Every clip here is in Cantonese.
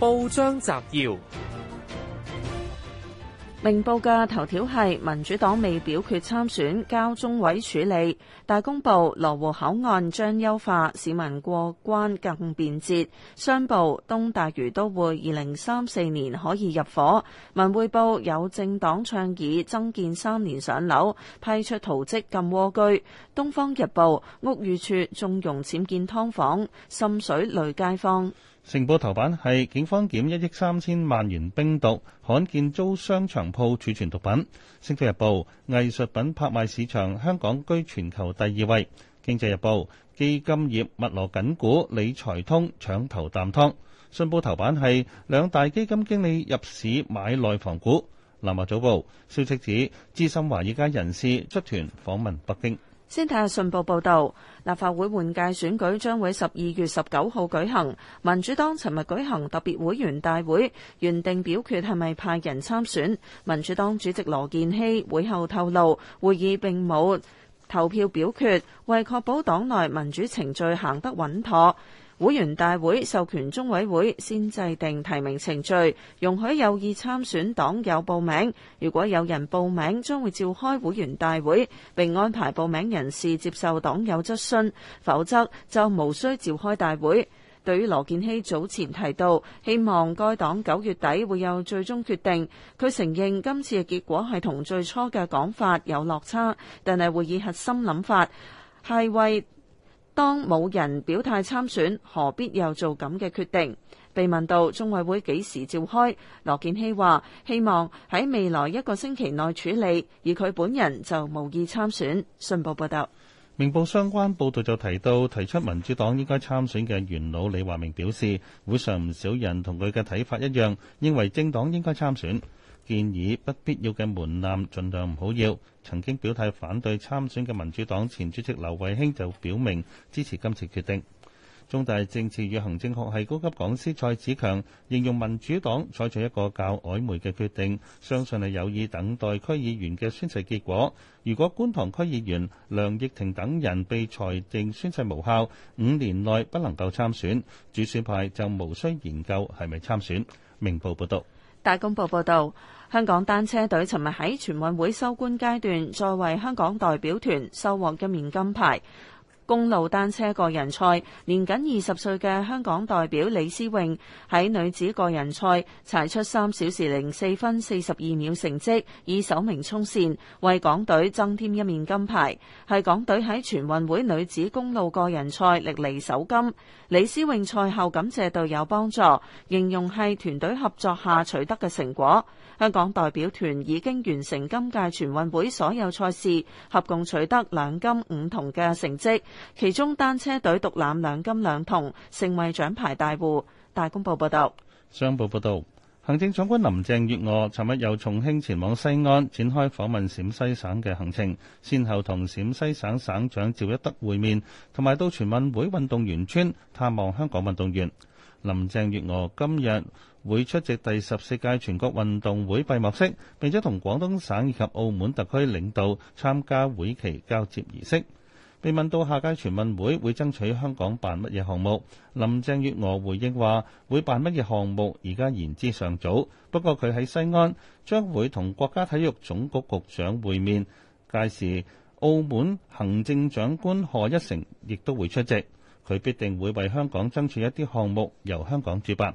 報章摘要：明報嘅頭條係民主黨未表決參選，交中委處理。大公報羅湖口岸將優化，市民過關更便捷。商報東大嶼都會二零三四年可以入伙。文匯報有政黨倡議增建三年上樓，批出圖積禁蝸居。東方日報屋宇署縱容僭建劏房，滲水累街坊。成報頭版係警方檢一億三千萬元冰毒，罕見租商場鋪儲存毒品。星島日報，藝術品拍賣市場香港居全球第二位。經濟日報，基金業物羅緊股，理財通搶頭啖湯。信報頭版係兩大基金經理入市買內房股。南華早報消息指資深華爾街人士出團訪問北京。先睇下信報報導，立法會換屆選舉將會十二月十九號舉行。民主黨尋日舉行特別會員大會，原定表決係咪派人參選。民主黨主席羅健熙會後透露，會議並冇投票表決，為確保黨內民主程序行得穩妥。會員大會授權中委會先制定提名程序，容許有意參選黨友報名。如果有人報名，將會召開會員大會，並安排報名人士接受黨友質詢；否則就無需召開大會。對於羅建熙早前提到希望該黨九月底會有最終決定，佢承認今次嘅結果係同最初嘅講法有落差，但係會以核心諗法係為。當冇人表態參選，何必又做咁嘅決定？被問到中委會幾時召開，羅建熙話希望喺未來一個星期內處理，而佢本人就無意參選。信報報道，明報相關報道就提到，提出民主黨應該參選嘅元老李華明表示，會上唔少人同佢嘅睇法一樣，認為政黨應該參選。建議不必要嘅門檻盡量唔好要。曾經表態反對參選嘅民主黨前主席劉慧卿就表明支持今次決定。中大政治與行政學系高級講師蔡子強形容民主黨採取一個較曖昧嘅決定，相信係有意等待區議員嘅宣誓結果。如果觀塘區議員梁翊婷等人被裁定宣誓無效，五年內不能夠參選，主選派就無需研究係咪參選。明報報道。大公報報道，香港單車隊尋日喺全運會收官階段，再為香港代表團收穫一面金牌。公路單車個人賽，年僅二十歲嘅香港代表李思穎喺女子個人賽，踩出三小時零四分四十二秒成績，以首名衝線，為港隊增添一面金牌，係港隊喺全運會女子公路個人賽歷嚟首金。李思穎賽後感謝隊友幫助，形容係團隊合作下取得嘅成果。香港代表團已經完成今屆全運會所有賽事，合共取得兩金五銅嘅成績，其中單車隊獨攬兩金兩銅，成為獎牌大戶。大公報報道，商報報導，行政長官林鄭月娥尋日由重慶前往西安，展開訪問陝西省嘅行程，先後同陝西省省長趙一德會面，同埋到全運會運動員村探望香港運動員。林鄭月娥今日會出席第十四屆全國運動會閉幕式，並且同廣東省以及澳門特區領導參加會旗交接儀式。被問到下屆全運會會爭取香港辦乜嘢項目，林鄭月娥回應話：會辦乜嘢項目而家言之尚早。不過佢喺西安將會同國家體育總局局長會面，屆時澳門行政長官賀一誠亦都會出席，佢必定會為香港爭取一啲項目由香港主辦。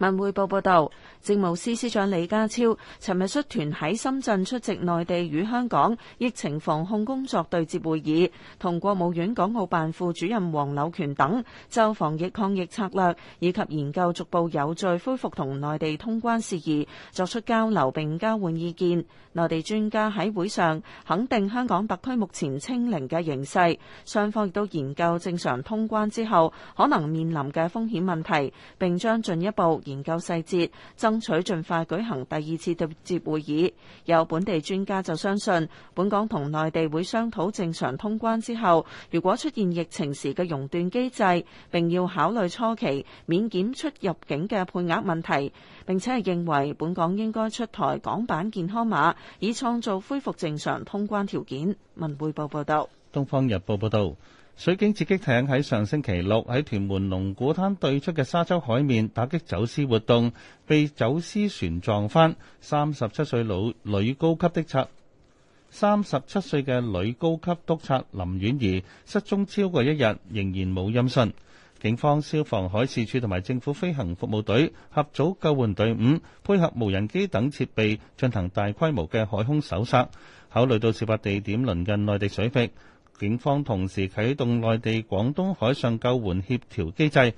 文匯報報道，政務司司長李家超尋日率團喺深圳出席內地與香港疫情防控工作對接會議，同國務院港澳辦副主任黃柳權等就防疫抗疫策略以及研究逐步有序恢復同內地通關事宜作出交流並交換意見。內地專家喺會上肯定香港特區目前清零嘅形勢，雙方亦都研究正常通關之後可能面臨嘅風險問題，並將進一步。研究細節，爭取盡快舉行第二次對接會議。有本地專家就相信，本港同內地會商討正常通關之後，如果出現疫情時嘅熔斷機制，並要考慮初期免檢出入境嘅配額問題。並且係認為，本港應該出台港版健康碼，以創造恢復正常通關條件。文匯報報道。東方日報報道。水警截擊艇喺上星期六喺屯門龍鼓灘對出嘅沙洲海面打擊走私活動，被走私船撞翻。三十七歲老女高級的察，三十七歲嘅女高級督察林婉儀失蹤超過一日，仍然冇音訊。警方、消防、海事處同埋政府飛行服務隊合組救援隊伍，配合無人機等設備進行大規模嘅海空搜索。考慮到事發地點鄰近內地水域。警方同時啟動內地廣東海上救援協調機制，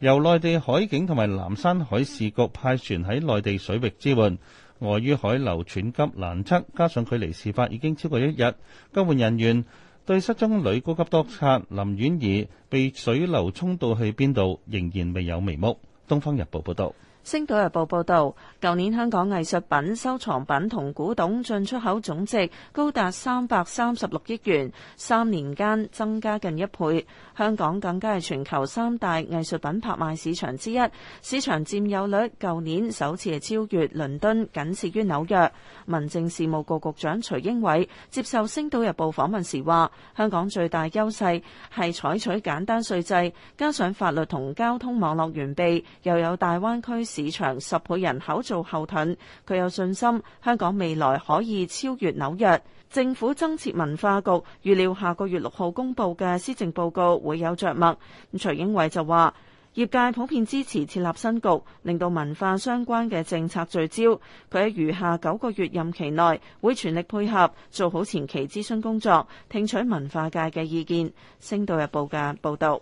由內地海警同埋南山海事局派船喺內地水域支援。礙於海流湍急難測，加上距離事發已經超過一日，救援人員對失蹤女高級督察林婉儀被水流衝到去邊度，仍然未有眉目。《東方日報》報道。星島日報報導，舊年香港藝術品、收藏品同古董進出口總值高達三百三十六億元，三年間增加近一倍。香港更加係全球三大藝術品拍賣市場之一，市場佔有率舊年首次係超越倫敦，僅次於紐約。民政事務局局長徐英偉接受星島日報訪問時話，香港最大優勢係採取簡單稅制，加上法律同交通網絡完備，又有大灣區。市場十倍人口做後盾，佢有信心香港未來可以超越紐約。政府增設文化局，預料下個月六號公佈嘅施政報告會有著墨。咁徐英偉就話：業界普遍支持設立新局，令到文化相關嘅政策聚焦。佢喺餘下九個月任期內會全力配合做好前期諮詢工作，聽取文化界嘅意見。星島日報嘅報導。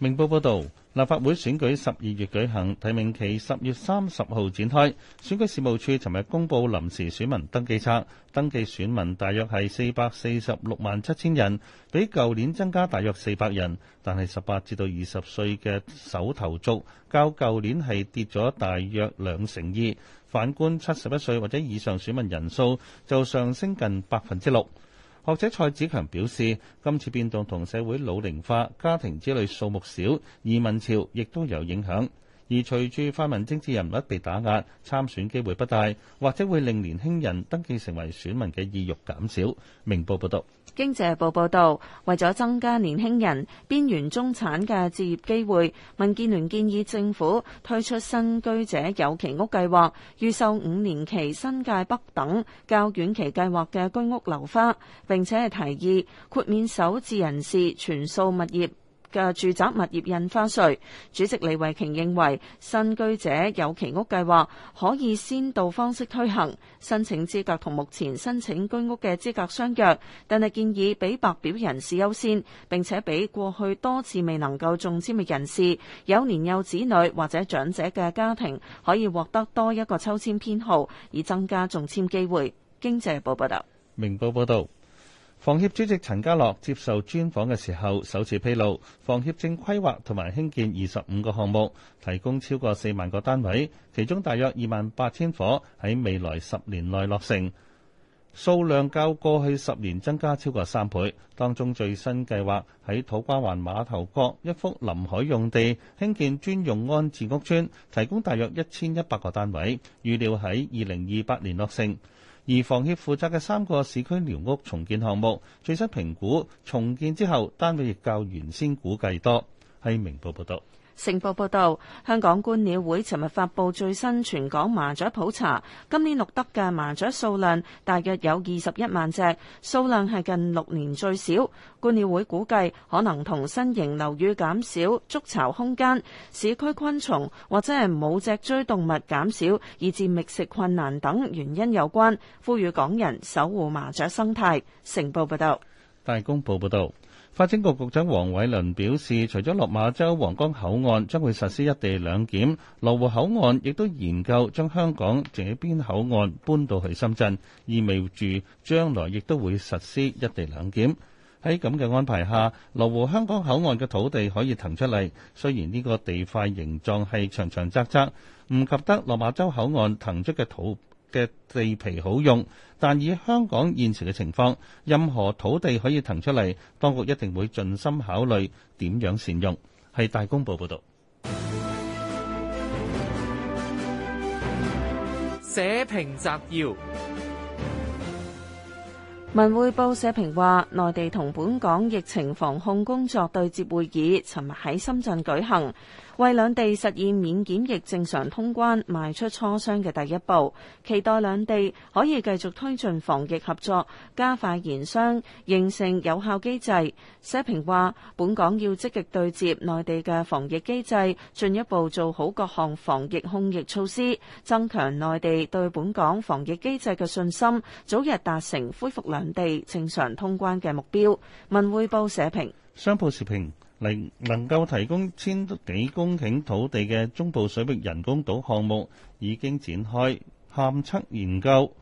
明報報導，立法會選舉十二月舉行，提名期十月三十號展開。選舉事務處尋日公布臨時選民登記冊，登記選民大約係四百四十六萬七千人，比舊年增加大約四百人。但係十八至到二十歲嘅首投族，較舊年係跌咗大約兩成二。反觀七十一歲或者以上選民人數，就上升近百分之六。學者蔡子強表示，今次變動同社會老齡化、家庭之類數目少、移民潮亦都有影響。而隨住泛民政治人物被打壓，參選機會不大，或者會令年輕人登記成為選民嘅意欲減少。明報報道。《經濟日報》報道，為咗增加年輕人邊緣中產嘅置業機會，民建聯建議政府推出新居者有其屋計劃，預售五年期新界北等較遠期計劃嘅居屋樓花，並且係提議豁免首置人士全數物業。嘅住宅物業印花稅，主席李慧瓊認為新居者有其屋計劃可以先到方式推行，申請資格同目前申請居屋嘅資格相約，但係建議俾白表人士優先，並且俾過去多次未能夠中簽嘅人士，有年幼子女或者長者嘅家庭可以獲得多一個抽簽編號，以增加中簽機會。經濟報報道，明報報道。房協主席陳家樂接受專訪嘅時候，首次披露房協正規劃同埋興建二十五個項目，提供超過四萬個單位，其中大約二萬八千伙喺未來十年內落成，數量較過去十年增加超過三倍。當中最新計劃喺土瓜灣馬頭角一幅臨海用地興建專用安置屋邨，提供大約一千一百個單位，預料喺二零二八年落成。而房協負責嘅三個市區寮屋重建項目，最新評估重建之後單位亦較原先估計多。係明報報道。成報報道：香港觀鳥會尋日發布最新全港麻雀普查，今年錄得嘅麻雀數量大約有二十一萬隻，數量係近六年最少。觀鳥會估計可能同新型樓宇減少築巢空間、市區昆蟲或者係冇脊椎動物減少，以致覓食困難等原因有關。呼籲港人守護麻雀生態。成報報道。大公報報道。發展局局長黃偉綸表示，除咗落馬洲皇崗口岸將會實施一地兩檢，羅湖口岸亦都研究將香港這邊口岸搬到去深圳，意味住將來亦都會實施一地兩檢。喺咁嘅安排下，羅湖香港口岸嘅土地可以騰出嚟，雖然呢個地塊形狀係長長窄窄，唔及得落馬洲口岸騰出嘅土嘅地皮好用，但以香港現時嘅情況，任何土地可以騰出嚟，當局一定會盡心考慮點樣善用。係大公報報導。社評摘要：文匯報社評話，內地同本港疫情防控工作對接會議尋日喺深圳舉行。為兩地實現免檢疫正常通關，邁出磋商嘅第一步，期待兩地可以繼續推進防疫合作，加快研商形成有效機制。社評話：本港要積極對接內地嘅防疫機制，進一步做好各項防疫控疫措施，增強內地對本港防疫機制嘅信心，早日達成恢復兩地正常通關嘅目標。文匯報社評，商報社評。能能夠提供千幾公頃土地嘅中部水域人工島項目已經展開勘測研究。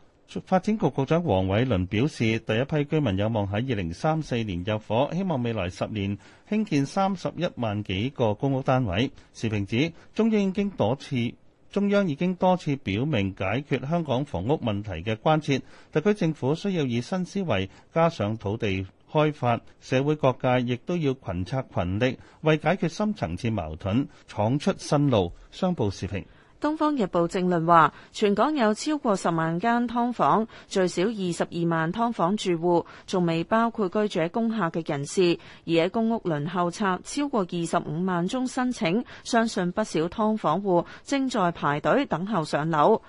發展局局長黃偉綸表示，第一批居民有望喺二零三四年入伙，希望未來十年興建三十一萬幾個公屋單位。時評指，中央已經多次中央已經多次表明解決香港房屋問題嘅關切，特區政府需要以新思維加上土地開發社會各界亦都要群策群力，為解決深層次矛盾，闖出新路。商報時評，《東方日報》政論話，全港有超過十萬間劏房，最少二十二萬劏房住戶，仲未包括居住喺工廈嘅人士，而喺公屋輪候冊，超過二十五萬宗申請，相信不少劏房戶正在排隊等候上樓。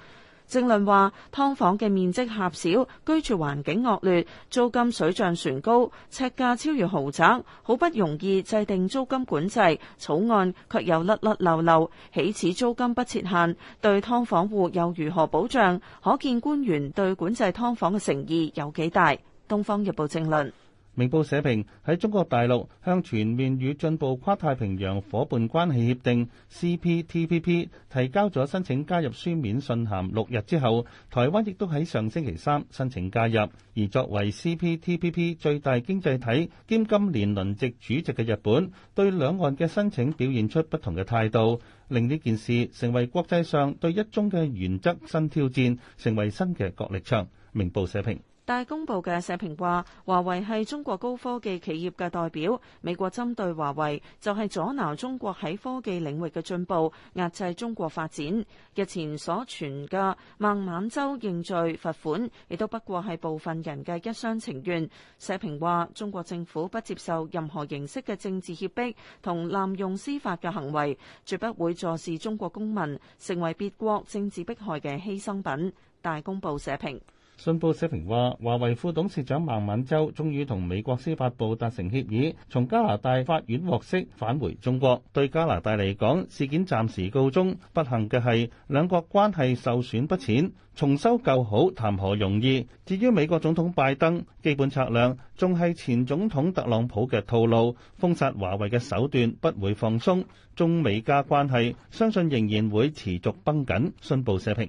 政論話：劏房嘅面積狹小，居住環境惡劣，租金水漲船高，尺價超越豪宅，好不容易制定租金管制草案，卻又甩甩漏漏，起始租金不設限，對劏房戶又如何保障？可見官員對管制劏房嘅誠意有幾大。東方日報政論。明報社評，喺中國大陸向全面與進步跨太平洋伙伴關係協定 （CPTPP） 提交咗申請加入書面信函六日之後，台灣亦都喺上星期三申請加入。而作為 CPTPP 最大經濟體兼今年輪值主席嘅日本，對兩岸嘅申請表現出不同嘅態度，令呢件事成為國際上對一中嘅原則新挑戰，成為新嘅角力場。明報社評。大公報嘅社評話：華為係中國高科技企業嘅代表，美國針對華為就係、是、阻撓中國喺科技領域嘅進步，壓制中國發展。日前所傳嘅孟晚舟認罪罰款，亦都不過係部分人嘅一廂情願。社評話：中國政府不接受任何形式嘅政治脅迫同濫用司法嘅行為，絕不會坐視中國公民成為別國政治迫害嘅犧牲品。大公報社評。信報社評話：華為副董事長孟晚舟終於同美國司法部達成協議，從加拿大法院獲釋返回中國。對加拿大嚟講，事件暫時告終。不幸嘅係，兩國關係受損不淺，重修舊好談何容易？至於美國總統拜登，基本策略仲係前總統特朗普嘅套路，封殺華為嘅手段不會放鬆。中美加關係相信仍然會持續繃緊。信報社評。